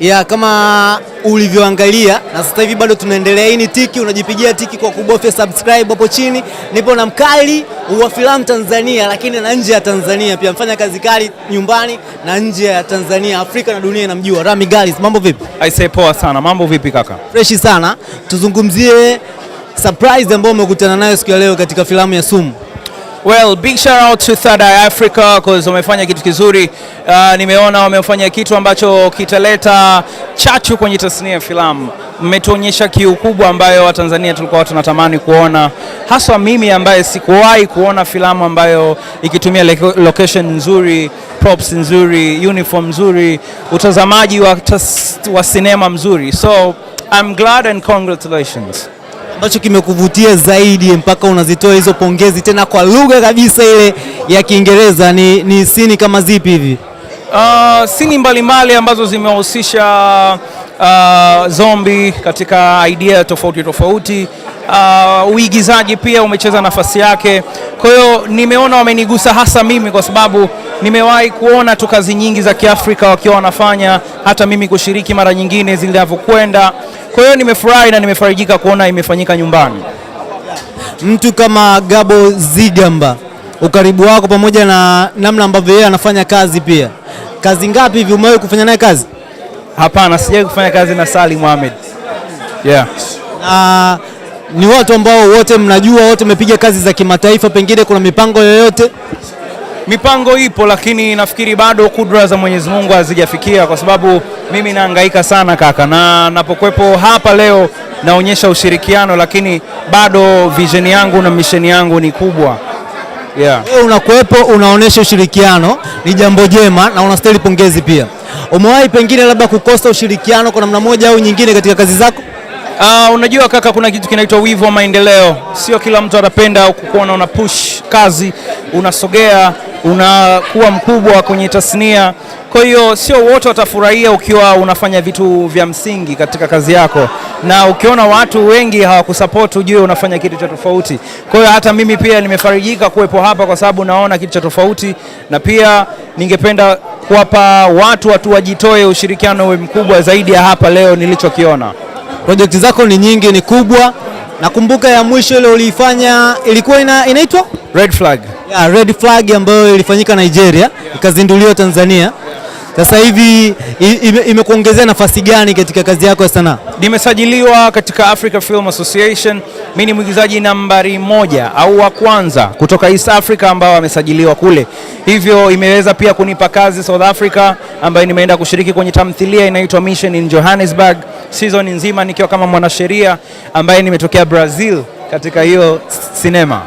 ya kama ulivyoangalia, na sasa hivi bado tunaendelea. Hii ni Tiki, unajipigia tiki kwa kubofya subscribe hapo chini. Nipo na mkali wa filamu Tanzania, lakini na nje ya Tanzania pia, mfanya kazi kali nyumbani na nje ya Tanzania, Afrika na dunia inamjua. Rami Galis, mambo vipi? say poa sana. Mambo vipi kaka? Freshi sana. Tuzungumzie surprise ambayo umekutana nayo siku ya leo katika filamu ya Sumu. Well, big shout out to Third Eye Africa because wamefanya kitu kizuri. Uh, nimeona wamefanya kitu ambacho kitaleta chachu kwenye tasnia ya filamu. Mmetuonyesha kiu kubwa ambayo Watanzania tulikuwa tunatamani kuona, haswa mimi ambaye sikuwahi kuona filamu ambayo ikitumia location nzuri, props nzuri, uniform nzuri, utazamaji wa, tas, wa sinema mzuri. So I'm glad and congratulations ambacho kimekuvutia zaidi mpaka unazitoa hizo pongezi tena kwa lugha kabisa ile ya Kiingereza? Ni, ni sini kama zipi hivi? Uh, sini mbalimbali ambazo zimehusisha uh, zombi katika idea tofauti tofauti. Uh, uigizaji pia umecheza nafasi yake, kwa hiyo nimeona wamenigusa hasa mimi kwa sababu nimewahi kuona tu kazi nyingi za Kiafrika wakiwa wanafanya, hata mimi kushiriki mara nyingine zinavyokwenda. Kwa hiyo nimefurahi na nimefarijika kuona imefanyika nyumbani. Mtu kama Gabo Zigamba, ukaribu wako pamoja na namna ambavyo yeye anafanya kazi pia, kazi ngapi hivi umewahi kufanya naye kazi? Hapana, sijawahi kufanya kazi na Sali Mohamed. Yeah. Na ni watu ambao wote mnajua, wote mmepiga kazi za kimataifa, pengine kuna mipango yoyote mipango ipo, lakini nafikiri bado kudra za Mwenyezi Mungu hazijafikia, kwa sababu mimi nahangaika sana kaka, na napokuwepo hapa leo naonyesha ushirikiano, lakini bado vision yangu na mission yangu ni kubwa. Yeah. Wewe unakuwepo unaonyesha ushirikiano ni jambo jema na unastahili pongezi pia. Umewahi pengine labda kukosa ushirikiano kwa namna moja au nyingine katika kazi zako? Uh, unajua kaka, kuna kitu kinaitwa wivu wa maendeleo. Sio kila mtu anapenda kukuona una push kazi, unasogea, unakuwa mkubwa kwenye tasnia. Kwa hiyo sio wote watafurahia ukiwa unafanya vitu vya msingi katika kazi yako, na ukiona watu wengi hawakusupport, ujue unafanya kitu cha tofauti. Kwa hiyo hata mimi pia nimefarijika kuwepo hapa kwa sababu naona kitu cha tofauti, na pia ningependa kuwapa watu watu wajitoe, ushirikiano uwe mkubwa zaidi ya hapa leo nilichokiona. Projekti zako ni nyingi, ni kubwa. Nakumbuka ya mwisho ile uliifanya ilikuwa ina, inaitwa Red Flag. Yeah, Red Flag ambayo ilifanyika Nigeria, yeah. Ikazinduliwa Tanzania. Sasa hivi imekuongezea nafasi gani katika kazi yako ya sanaa? Nimesajiliwa katika Africa Film Association. Mimi ni mwigizaji nambari moja au wa kwanza kutoka East Africa ambao wamesajiliwa kule, hivyo imeweza pia kunipa kazi South Africa, ambayo nimeenda kushiriki kwenye tamthilia inaitwa Mission in Johannesburg, season nzima nikiwa kama mwanasheria ambaye nimetokea Brazil katika hiyo sinema.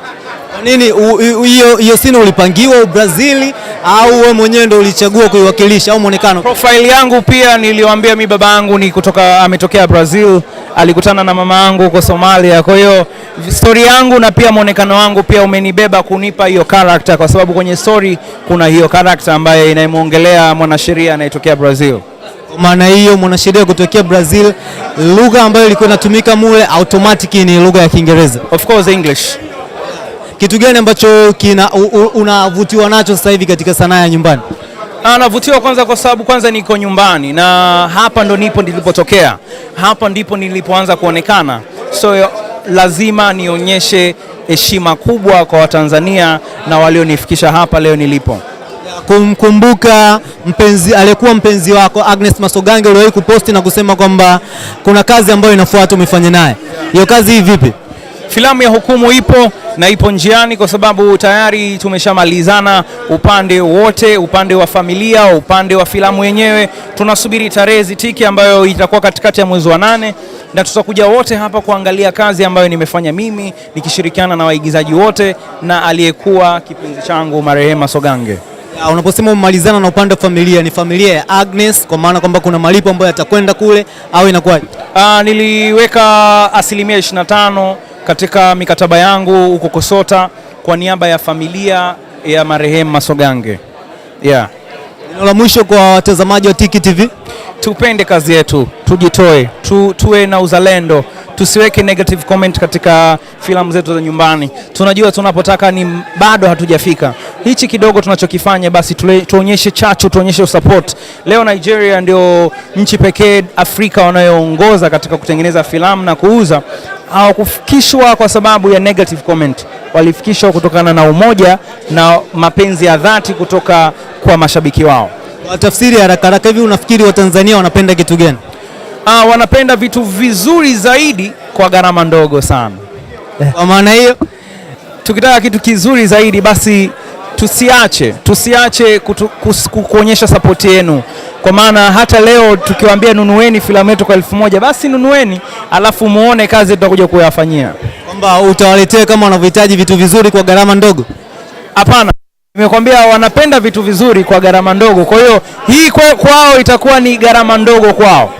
Nini hiyo hiyo sina ulipangiwa Brazil au wewe mwenyewe ndio ulichagua kuiwakilisha au muonekano? Profile yangu pia niliwaambia, mi baba yangu ni kutoka ametokea Brazil, alikutana na mama yangu huko Somalia. Kwa hiyo story yangu na pia mwonekano wangu pia umenibeba kunipa hiyo character, kwa sababu kwenye story kuna hiyo character ambaye inayemwongelea mwanasheria anayetokea Brazil. Kwa maana hiyo mwanasheria kutokea Brazil, lugha ambayo ilikuwa inatumika mule automatic ni lugha ya Kiingereza, of course English. Kitu gani ambacho unavutiwa nacho sasa hivi katika sanaa ya nyumbani? Anavutiwa ah, kwanza kwa sababu kwanza niko nyumbani na hapa ndo nipo nilipotokea, hapa ndipo nilipoanza kuonekana, so lazima nionyeshe heshima kubwa kwa Watanzania na walionifikisha hapa leo nilipo. Kumkumbuka mpenzi aliyekuwa mpenzi wako Agnes Masogange, uliwahi kuposti na kusema kwamba kuna kazi ambayo inafuata umefanya naye, hiyo kazi hii vipi? Filamu ya Hukumu ipo na ipo njiani, kwa sababu tayari tumeshamalizana upande wote, upande wa familia, upande wa filamu yenyewe. Tunasubiri tarehe zitiki, ambayo itakuwa katikati ya mwezi wa nane, na tutakuja wote hapa kuangalia kazi ambayo nimefanya mimi nikishirikiana na waigizaji wote na aliyekuwa kipenzi changu marehema Sogange. Unaposema umemalizana na upande wa familia, ni familia ya Agnes, kwa maana kwamba kuna malipo ambayo yatakwenda kule au inakuwa? Ah, niliweka asilimia 25 katika mikataba yangu huko Kosota kwa niaba ya familia ya marehemu Masogange. Yeah. Neno la mwisho kwa watazamaji wa Tiki TV, tupende kazi yetu, tujitoe tu, tuwe na uzalendo, tusiweke negative comment katika filamu zetu za nyumbani. Tunajua tunapotaka ni bado hatujafika. Hichi kidogo tunachokifanya basi tuonyeshe chachu, tuonyeshe support. Leo Nigeria ndio nchi pekee Afrika wanayoongoza katika kutengeneza filamu na kuuza hawakufikishwa kwa sababu ya negative comment, walifikishwa kutokana na umoja na mapenzi ya dhati kutoka kwa mashabiki wao. Kwa tafsiri haraka haraka hivi, unafikiri Watanzania wanapenda kitu gani? Ah, wanapenda vitu vizuri zaidi kwa gharama ndogo sana. Kwa maana hiyo, tukitaka kitu kizuri zaidi basi tusiache tusiache kuonyesha sapoti yenu, kwa maana hata leo tukiwaambia nunueni filamu yetu kwa elfu moja basi nunueni, alafu muone kazi tutakuja kuyafanyia, kwamba utawaletea kama wanavyohitaji vitu vizuri kwa gharama ndogo. Hapana, nimekwambia wanapenda vitu vizuri kwa gharama ndogo. Kwa hiyo hii kwao kwa itakuwa ni gharama ndogo kwao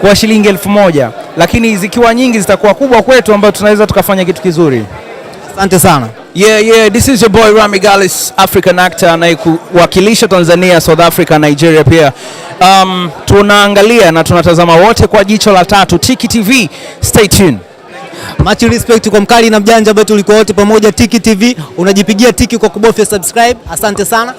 kwa shilingi elfu moja lakini zikiwa nyingi zitakuwa kubwa kwetu, ambayo tunaweza tukafanya kitu kizuri. Asante sana. Yeah, yeah, this is your boy Rami Gallis, African actor anayekuwakilisha Tanzania, South Africa, Nigeria pia. Um, tunaangalia na tunatazama wote kwa jicho la tatu. Tiki TV, stay tuned. Much respect kwa mkali na mjanja ambao tulikuwa wote pamoja Tiki TV. Unajipigia tiki kwa kubofya subscribe. Asante sana.